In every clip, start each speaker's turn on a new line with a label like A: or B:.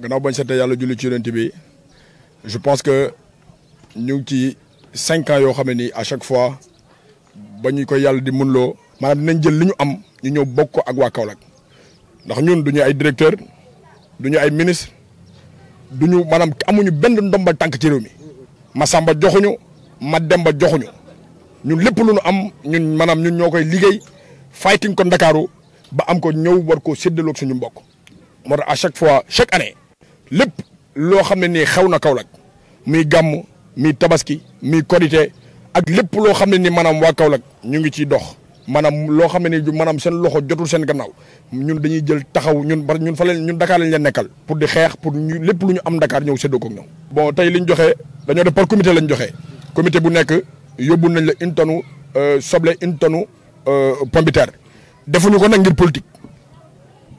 A: gannaaw bañ sante yàlla julli ci yonent bi je pense que ñu ci cinq ans yoo xam ne nii à chaque fois ba ñu koy yàlla di mënloo maanaam dinañ jël li ñu am ñu ñëw bokk ko ak waa Kaolack ndax ñun du ñu ay directeur du ñu ay ministre du ñu maanaam amuñu benn ndomba tànk ci réew mi Masamba joxuñu ma Demba joxuñu ñun lépp lu ñu am ñun maanaam ñun ñoo koy liggéey fighting ko Ndakaaru ba am ko ñëw war koo séddaloog suñu mbokk moo tax à chaque fois chaque année. lépp loo xam ne nii xew na Kaolack muy gàmm muy tabaski muy korité ak lépp loo xam ne ni maanaam waa Kaolack ñu ngi ciy dox maanaam loo xam ne ni maanaam seen loxo jotul seen gannaaw ñun dañuy jël taxaw ñun ba ñun fa leen ñun Dakar lañ leen nekkal pour di xeex pour ñu lépp lu ñu am Dakar ñëw séddoo ko ñëw. bon tey li ñu joxe dañoo def par comité lañ joxe comité bu nekk yóbbu nañ la une tonne euh, soble une tonne euh, pomme de terre ko nag ngir politique.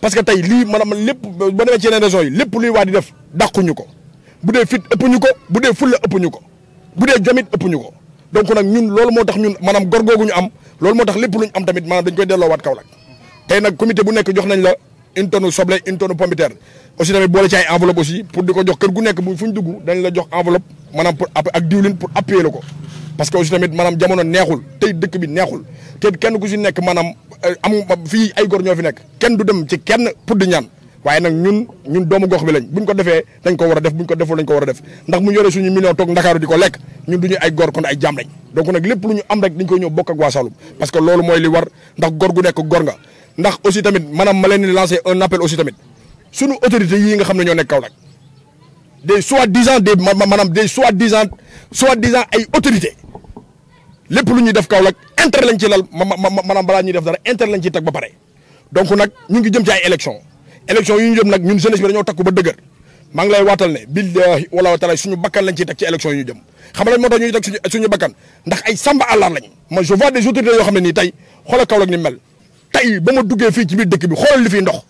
A: parce que tey lii maanaam lépp ba demee ci yeneen régions yi luy waa di def dàquñu ko bu dee fit ëpp ñu ko bu dee fulla ëpp ñu ko bu dee jomit ëpp ñu ko donc nag ñun loolu moo tax ñun maanaam gor googu ñu am loolu moo tax lépp lu ñu am tamit maanaam dañ koy delloowaat Kaolack tey nag comité bu nekk jox nañ la une tonne soble une tonne pomme de terre aussi tamit boole ci enveloppe aussi pour di ko jox kër gu nekk bu fu ñu dugg dañ la jox enveloppe maanaam pour ak diwlin pour appuyer la ko parce que neexul tey dëkk bi neexul kenn ku si nekk maanaam Eh, amu fi ay gor ñofi fi kenn du dem ci kenn pour di ñaan waaye nag ñun ñun doomu gox bi lañ buñ ko defé dañ ko wara def buñ ko deful dañ ko wara def ndax mu yore suñu million tok ndakaaru diko lek ñun duñu ay gor kon ay jam lañ donc nak lepp luñu am rek dañ koy ñew bokk ak waa Saloum parce que lolu moy li war ndax gor gu nek gor nga ndax aussi tamit manam ma leen di lancer un appel aussi tamit suñu autorité yi nga xamna ñoo kaw nak des soi-disant des manam des soi-disant soi-disant ay autorité lépp lu ñuy def Kaolack intérêt lañ ci lal ma ma maanaam balaa ñuy def dara intérêt lañ ciy teg ba pare donc nag ñu ngi jëm ci ay élection élection yu ñu jëm nag ñun jeunesse bi dañoo takku ba dëgër maa ngi lay waatal ne billahi wala taala suñu bakkan lañ ciy teg ci élection yu ñu jëm xam nga moo tax ñuy teg suñu suñu bakkan ndax ay samba àllar lañ ma je vois des autorités yoo xam ne nii tey xoolal Kaolack ni mel tey ba ma duggee fii ci biir dëkk bi xoolal li fiy ndox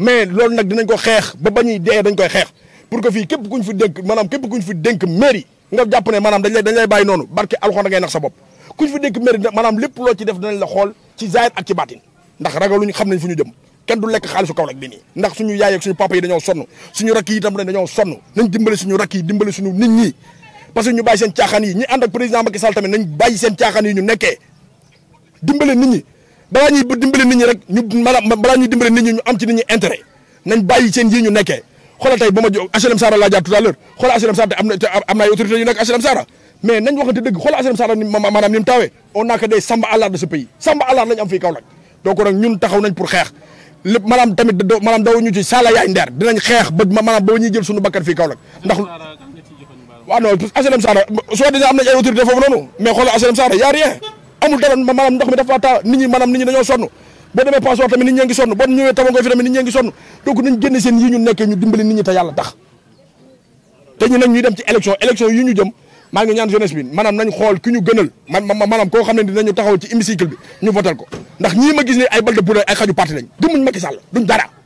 A: mais loolu nag dinañ ko xeex ba ba ñuy dee dañ koy xeex pour que fii képp kuñ fi dénk maanaam képp kuñ fi dénk mairie nga jàpp ne maanaam dañ lay dañ lay bàyyi noonu barke alxuraan ngay nax sa bopp ku fi dégg mérite maanaam lépp loo ci def danañ la xool ci zaahir ak ci baatin ndax ragaluñu xam nañ fu ñu jëm kenn du lekk xaalisu Kaolack bi nii ndax suñu yaay ak suñu papa yi dañoo sonn suñu rakk yi itam dañoo sonn nañ dimbali suñu rakk yi dimbali suñu nit ñi parce ñu bàyyi seen caaxaan yi ñi ànd ak président Macky Sall tamit nañ bàyyi seen caaxaan yi ñu nekkee dimbale nit ñi balaa ñuy dimbale nit ñi rek ñu balaa ñuy dimbale ni ñi ñu am ci nit ñi intérêt nañ bàyyi seen yi ñu nekkee xoolal tey ba ma jo HLM Sara laa tout à l'heure xoolal HLM Sara na am na ay autorités mais nañ waxante dëgg xoolal HLM Sara maanaam ni mu on a que des samba àllar de ce pays samba àllar lañ am fii Kaolack donc nag ñun taxaw nañ pour xeex lépp tamit maanaam daw ñu saala yaay ndeer dinañ xeex ba maanaam ba ñuy jël suñu bakkan fii Kaolack ndax waaw non HLM soit dina am nañ ay autorité foofu noonu mais xoolal HLM Sara y a amul dara maanaam ndox mi dafa boo demee passeport tamit nit ñee ngi sonn boo ñëwee tabangoy fi tamit nit ñee ngi sonn donc nañ génne seen yi ñu nekkee ñu dimbali nit ñi te tax te ñu nag ñuy dem ci élection élection yi ñu jëm maa ngi ñaan jeunesse bi maanaam nañ xool ki ñu gënal man maanaam koo xam ne dinañu taxaw ci hémicycle bi ñu votal ko ndax ñii ma gis ne ay Balde Bouré ay xaju parti lañ gëmuñ Macky Sall duñ dara